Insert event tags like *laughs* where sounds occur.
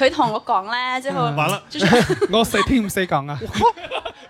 佢 *laughs* 同我講咧，之後就完了。 *laughs* *laughs* 我四聽唔四講啊？ *laughs* *laughs*